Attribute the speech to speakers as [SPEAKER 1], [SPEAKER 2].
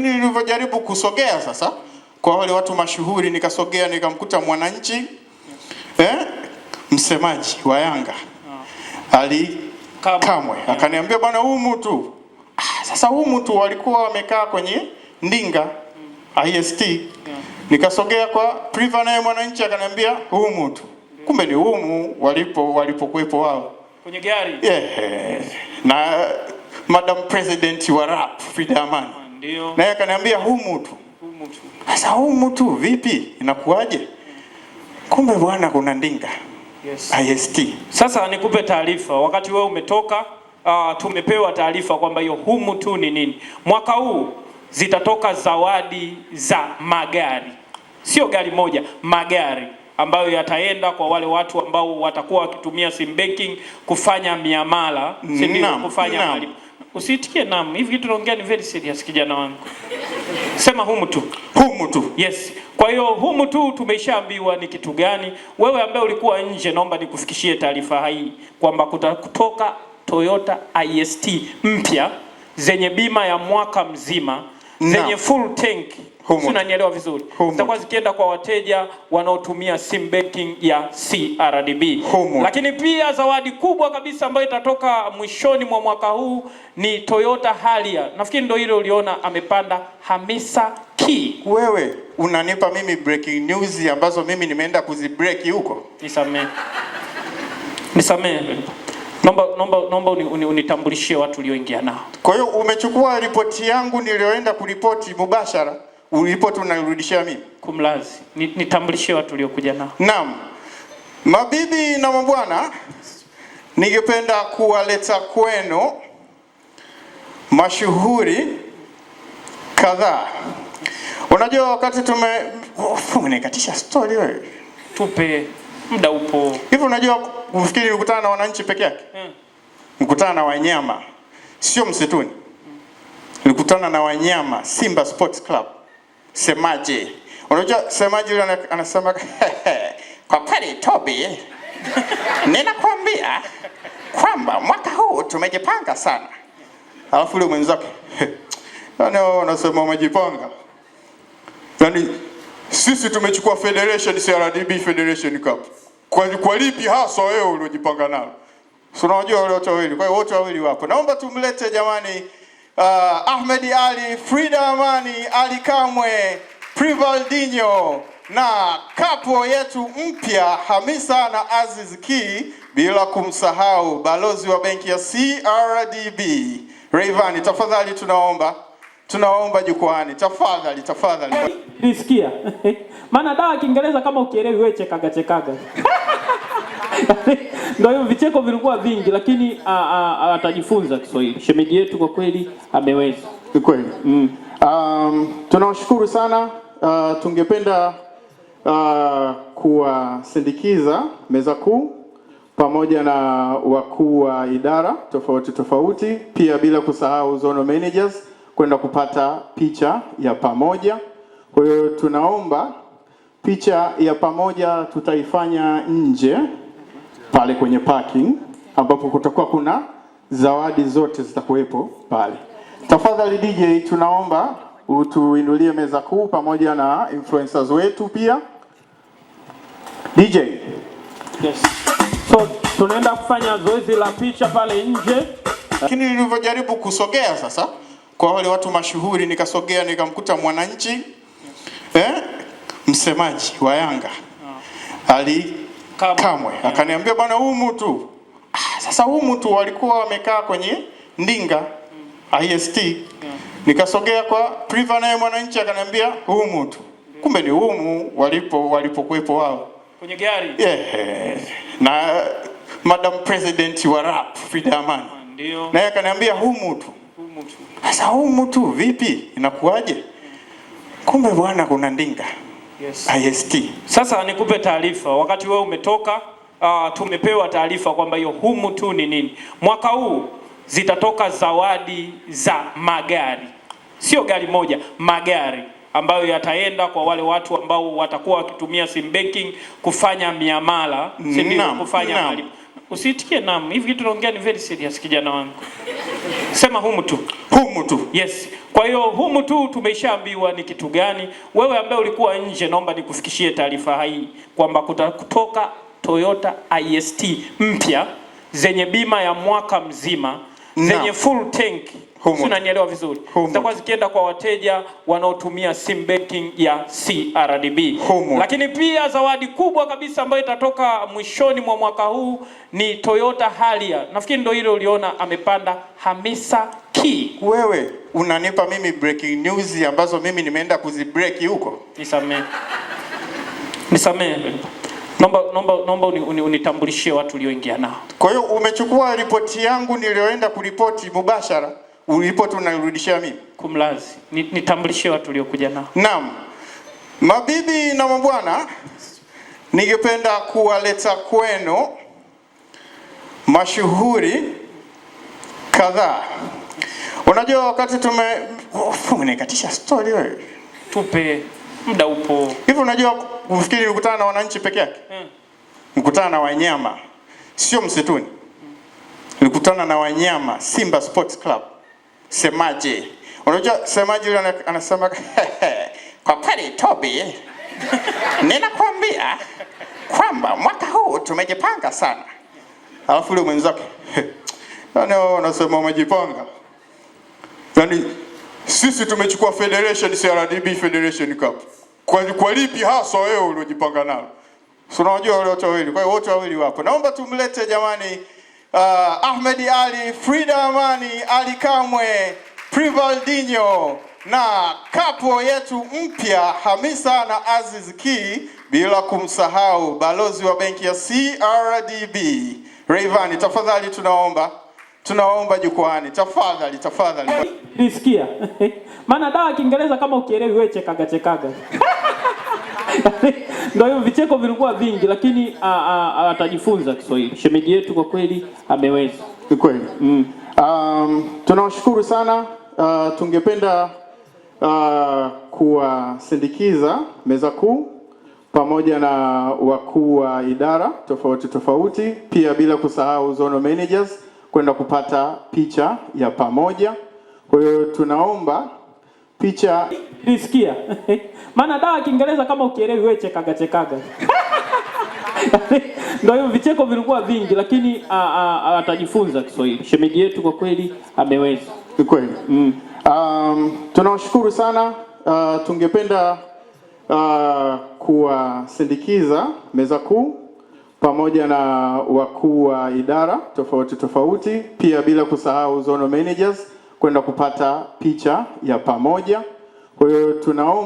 [SPEAKER 1] lakini nilivyojaribu kusogea sasa kwa wale watu mashuhuri, nikasogea nikamkuta mwananchi eh, msemaji wa Yanga ah. Ali Kamwe akaniambia, bwana humu mtu ah, sasa humu mtu walikuwa wamekaa kwenye ndinga hmm. IST nikasogea kwa Priva naye mwananchi akaniambia humu tu, kumbe ni humu walipo walipokuwepo wao kwenye gari yeah. na Madam President wa rap Frida Amani ndio, naye akaniambia humu tu. Sasa humu tu vipi, inakuaje Kumbe bwana, kuna Ndinga yes. IST.
[SPEAKER 2] Sasa nikupe taarifa, wakati wewe umetoka uh, tumepewa taarifa kwamba hiyo humu tu ni nini. Mwaka huu zitatoka zawadi za magari, sio gari moja, magari ambayo yataenda kwa wale watu ambao watakuwa wakitumia sim banking kufanya miamala,
[SPEAKER 1] si kufanya malipo
[SPEAKER 2] Usiitikie naam. Hivi kitu naongea ni very serious kijana wangu. Sema humu tu. Humu tu. Yes. Kwa hiyo humu tu ambiwa ni kitu gani. Wewe ambaye ulikuwa nje, naomba nikufikishie taarifa hii kwamba kutoka Toyota IST mpya zenye bima ya mwaka mzima zenye full tank unanielewa vizuri, zitakuwa zikienda kwa wateja wanaotumia sim banking ya CRDB. Lakini pia zawadi kubwa kabisa ambayo itatoka mwishoni mwa mwaka huu ni Toyota halia Nafikiri ndo ile uliona amepanda Hamisa Ki.
[SPEAKER 1] Wewe unanipa mimi breaking news ambazo mimi nimeenda kuzibreki huko.
[SPEAKER 2] Nisamee. Nisamee. Naomba naomba naomba unitambulishie uni, uni watu ulioingia nao.
[SPEAKER 1] Kwa hiyo umechukua ripoti yangu niliyoenda kuripoti mubashara, ulipoti unairudishia mimi.
[SPEAKER 2] Kumlazi. Nitambulishie watu uliokuja nao.
[SPEAKER 1] Naam. Mabibi na mabwana, ningependa kuwaleta kwenu mashuhuri kadhaa. Unajua wakati tume oh, nikatisha story wewe.
[SPEAKER 2] Tupe muda upo.
[SPEAKER 1] Hivi unajua ufikiri ukutana na wananchi peke yake? Hmm. Mkutana na wanyama, sio msituni. Nilikutana na wanyama Simba Sports Club. Semaje? Unajua semaje yule anasema kwa kweli Tobi, ninakwambia kwamba mwaka huu tumejipanga sana. Alafu yule mwenzake anasema umejipanga. yani sisi tumechukua Federation CRDB Federation Cup kwa, kwa lipi haswa wewe uliojipanga nalo? Si unajua wale wote wawili. Kwa hiyo wote wawili wapo. Naomba tumlete jamani, uh, Ahmed Ali, Frida Amani, Ali Kamwe, Privaldinho na kapo yetu mpya Hamisa na Aziz Ki, bila kumsahau balozi wa benki ya CRDB Rayvanny, tafadhali tunaomba tunaomba jukwani, tafadhali tafadhali.
[SPEAKER 2] Nisikia maana dawa ya Kiingereza kama ukielewi wewe chekaga chekaga Ndio hiyo vicheko vilikuwa vingi, lakini atajifunza Kiswahili. Shemeji yetu kwa kweli ameweza.
[SPEAKER 1] Ni kweli. Mm. Um, tunawashukuru sana. Uh, tungependa uh, kuwasindikiza meza kuu pamoja na wakuu wa idara tofauti tofauti, pia bila kusahau zone managers kwenda kupata picha ya pamoja. Kwa hiyo tunaomba picha ya pamoja tutaifanya nje pale kwenye parking ambapo kutakuwa kuna zawadi zote zitakuwepo pale. Tafadhali DJ, tunaomba utuinulie meza kuu pamoja na influencers wetu pia. DJ. Yes. So tunaenda kufanya zoezi la picha pale nje. Lakini nilivyojaribu kusogea sasa kwa wale watu mashuhuri nikasogea nikamkuta mwananchi eh, msemaji wa Yanga. Ali kamwe, kamwe. Akaniambia bwana, huyu mtu ah, sasa huyu mtu walikuwa wamekaa kwenye ndinga mm. IST yeah. Nikasogea kwa Priva naye mwananchi akaniambia huyu mtu yeah. Kumbe ni humu walipo walipokuepo wao kwenye gari yeah. na Madam President wa rap Frida Amani ndio naye akaniambia huyu mtu sasa huyu mtu vipi, inakuwaje? Kumbe bwana kuna ndinga Yes. IST.
[SPEAKER 2] Sasa nikupe taarifa, wakati wewe umetoka uh, tumepewa taarifa kwamba hiyo humu tu ni nini, mwaka huu zitatoka zawadi za magari, sio gari moja, magari ambayo yataenda kwa wale watu ambao watakuwa wakitumia sim banking kufanya miamala, si ndio? Kufanya malipo Usitikie naam. hivi kitu naongea ni very serious kijana wangu. Sema humu tu, humu tu. Yes. Kwa hiyo humu tu tumeishaambiwa ni kitu gani. Wewe ambaye ulikuwa nje, naomba nikufikishie taarifa hii kwamba kutoka Toyota IST mpya zenye bima ya mwaka mzima zenye full tank si unanielewa vizuri, zitakuwa zikienda kwa wateja wanaotumia sim banking ya CRDB. Humu. Lakini pia zawadi kubwa kabisa ambayo itatoka mwishoni mwa mwaka huu ni Toyota halia Nafikiri ndio ile uliona amepanda Hamisa Ki.
[SPEAKER 1] Wewe unanipa mimi breaking news ambazo mimi nimeenda kuzibreak huko.
[SPEAKER 2] Nisamee. Naomba naomba naomba unitambulishie watu ulioingia nao.
[SPEAKER 1] Kwa hiyo umechukua ripoti yangu niliyoenda kuripoti mubashara ripoti unanirudishia mimi?
[SPEAKER 2] Kumlazi. Nitambulishe watu uliokuja nao.
[SPEAKER 1] Naam. Mabibi na mabwana, ningependa kuwaleta kwenu mashuhuri kadhaa. Unajua wakati tume unikatisha story wewe.
[SPEAKER 2] Tupe muda upo.
[SPEAKER 1] Hivi unajua kufikiri mkutana na wananchi peke yake? Hmm. Mkutana na wanyama sio msituni. Hmm. Mkutana na wanyama Simba Sports Club. Semaji. Unajua semaji yule anasema kwa kweli Toby, ninakwambia kwamba mwaka huu tumejipanga sana. Alafu yule mwenzake yani anasema umejipanga? yani sisi tumechukua Federation CRDB Federation Cup. Kwa, kwa lipi hasa wewe uliojipanga nalo? So unajua wale watu wawili. Kwa hiyo wote wawili wapo. Naomba tumlete jamani uh, Ahmed Ali, Frida Amani, Ali Kamwe, Privaldinho na kapo yetu mpya Hamisa na Aziz Ki, bila kumsahau balozi wa benki ya CRDB Rayvanny, tafadhali tunaomba tunaomba jukwani, tafadhali tafadhali.
[SPEAKER 2] Nisikia maana dawa Kiingereza kama ukielewi wewe chekaga chekaga Yaani, ndio hiyo vicheko vilikuwa vingi, lakini atajifunza Kiswahili. Shemeji yetu kwa kweli ameweza.
[SPEAKER 1] Ni kweli. Mm. Um, tunawashukuru sana. Uh, tungependa uh, kuwasindikiza meza kuu pamoja na wakuu wa idara tofauti tofauti, pia bila kusahau zone managers kwenda kupata picha ya pamoja. Kwa hiyo tunaomba picha
[SPEAKER 2] nisikia maana dawa Kiingereza kama ukielewi wewe chekaga chekaga ndio hiyo vicheko vilikuwa vingi, lakini atajifunza Kiswahili. Shemeji yetu kwa kweli ameweza,
[SPEAKER 1] ni kweli mm. Um, tunawashukuru sana uh, tungependa uh, kuwasindikiza meza kuu pamoja na wakuu wa idara tofauti tofauti, pia bila kusahau zone managers kwenda kupata picha ya pamoja. Kwa hiyo tunao